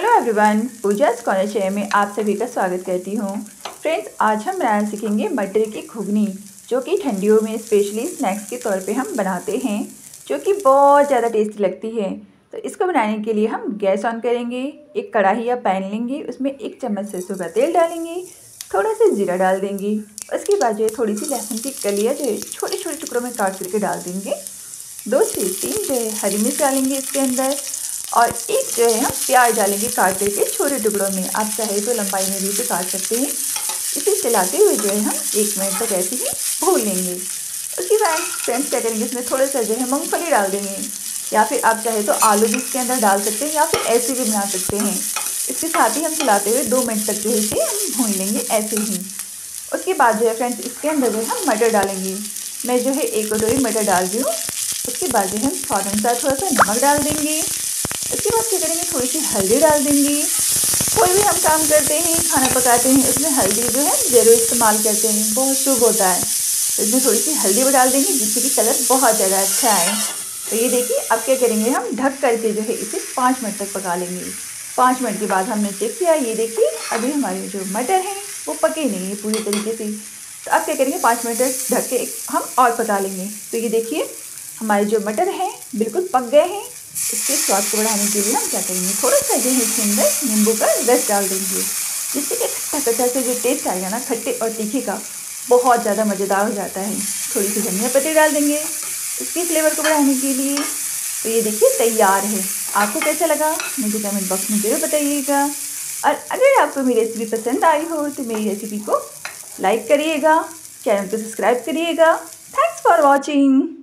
hello everyone Pooja scholar share में आप सभी का स्वागत करती हूँ फ्रेंड्स आज हम बनाना सीखेंगे मटर की घुगनी जो कि ठंडियों में स्पेशली स्नैक्स के तौर पे हम बनाते हैं जो कि बहुत ज़्यादा टेस्टी लगती है तो इसको बनाने के लिए हम गैस ऑन करेंगे एक कढ़ाई या पैन लेंगे उसमें एक चम्मच सरसों का तेल डालेंगे थोड़ा सा जीरा डाल देंगे उसके बाद जो है थोड़ी सी लहसुन की कलिया जो है छोटे छोटे टुकड़ों में काट करके डाल देंगे दो से तीन जो है हरी मिर्च डालेंगे इसके अंदर और एक जो है हम प्याज डालेंगे काटते करके छोटे टुकड़ों में आप चाहे तो लंबाई में भी इसे काट सकते हैं इसे चलाते हुए जो है हम एक मिनट तक ऐसे ही भून लेंगे उसके बाद फ्रेंड्स क्या करेंगे इसमें थोड़ा सा जो है मूँगफली डाल देंगे या फिर आप चाहे तो आलू भी इसके अंदर डाल सकते हैं या फिर ऐसे भी बना सकते हैं इसके साथ ही हम चलाते हुए दो मिनट तक जो है इसे हम भून लेंगे ऐसे ही उसके बाद जो है फ्रेंड्स इसके अंदर जो है हम मटर डालेंगे मैं जो है एक कटोरी मटर डाल दी हूँ उसके बाद जो है हम स्वाद अनुसार थोड़ा सा नमक डाल देंगे उसके बाद क्या करेंगे थोड़ी सी हल्दी डाल देंगे कोई भी हम काम करते हैं खाना पकाते हैं उसमें हल्दी जो है ज़रूर इस्तेमाल करते हैं बहुत शुभ होता है तो इसमें थोड़ी सी हल्दी भी डाल देंगे जिससे कि कलर बहुत ज़्यादा अच्छा आए तो ये देखिए अब क्या करेंगे हम ढक करके जो है इसे पाँच मिनट तक पका लेंगे पाँच मिनट के बाद हमने चेक किया ये देखिए अभी हमारे जो मटर हैं वो पके नहीं है पूरी तरीके से तो अब क्या करेंगे पाँच मिनट ढक के हम और पका लेंगे तो ये देखिए हमारे जो मटर हैं बिल्कुल पक गए हैं इसके स्वाद को बढ़ाने के लिए हम क्या करेंगे थोड़ा सा जो है इसके अंदर नींबू का रस डाल देंगे जिससे कि खट्टा खट्टा से जो टेस्ट आएगा ना खट्टे और तीखे का बहुत ज़्यादा मज़ेदार हो जाता है थोड़ी सी धनिया पत्ती डाल देंगे इसके फ्लेवर को बढ़ाने के लिए तो ये देखिए तैयार है आपको कैसा लगा मुझे कमेंट बॉक्स में ज़रूर बताइएगा और अगर आपको मेरी रेसिपी पसंद आई हो तो मेरी रेसिपी को लाइक करिएगा चैनल को सब्सक्राइब करिएगा थैंक्स फॉर वॉचिंग